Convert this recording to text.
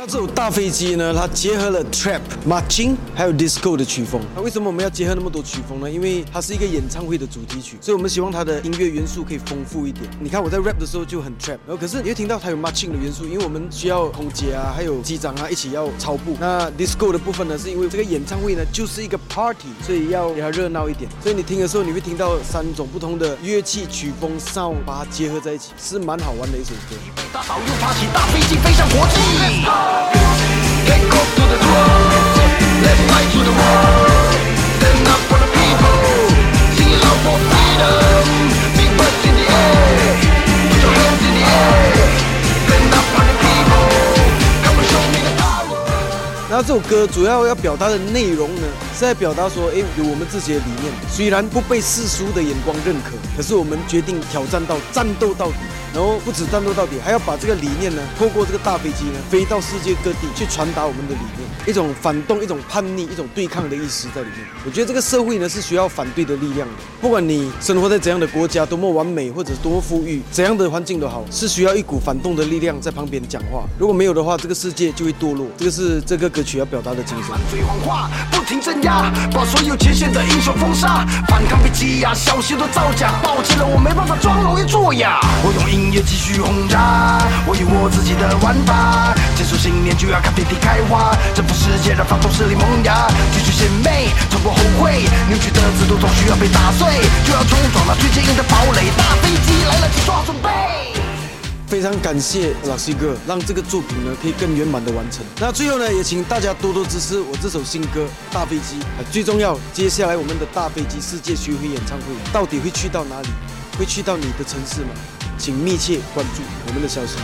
那這種大飛機呢？它結合了 trap、marching 還有 disco 的曲風。那為什麼我們要結合那麼多曲風呢？因為它是一個演唱會的主題曲，所以我們希望它的音樂元素可以豐富一點。你看我在 rap 的時候就很 trap，然、哦、後可是你會聽到它有 marching 的元素，因為我們需要空姐啊，還有機長啊一起要操步。那 disco 的部分呢，是因為這個演唱會呢就是一個 party，所以要給它熱鬧一點。所以你聽的時候，你會聽到三種不同的樂器曲風，sound 把它結合在一起，是蠻好玩的一首歌。大嫂又爬起大飛機，飛向國際。那這首歌主要要表達的內容呢？在表達說，哎，有我們自己的理念，雖然不被世俗的眼光認可，可是我們決定挑戰到戰鬥到底，然後不止戰鬥到底，還要把這個理念呢，透過這個大飛機呢，飛到世界各地去傳達我們的理念，一種反動、一種叛逆、一種對抗的意思在裡面。我覺得這個社會呢，是需要反對的力量的。不管你生活在怎樣的國家，多麼完美或者多富裕，怎樣的環境都好，是需要一股反動的力量在旁邊講話。如果沒有的話，這個世界就會墮落。這個是這個歌曲要表達的精神。把所有前線的英雄封殺，反抗被擠壓，消息都造假，暴擊了我，我沒辦法裝聾又作啞。我用音樂繼續轟炸，我有我自己的玩法，堅守信念就要看遍地開花，征服世界讓反動勢力萌芽，拒絕獻媚，從不後悔，扭曲的制度總需要被打碎，就要衝撞那最堅硬的堡壘，大飛。非常感謝老師哥，讓這個作品呢可以更圓滿的完成。那最後呢，也請大家多多支持我這首新歌《大飛機》。最重要，接下來我們的《大飛機世界巡迴演唱會》到底會去到哪裡？會去到你的城市嗎？請密切關注我們的消息。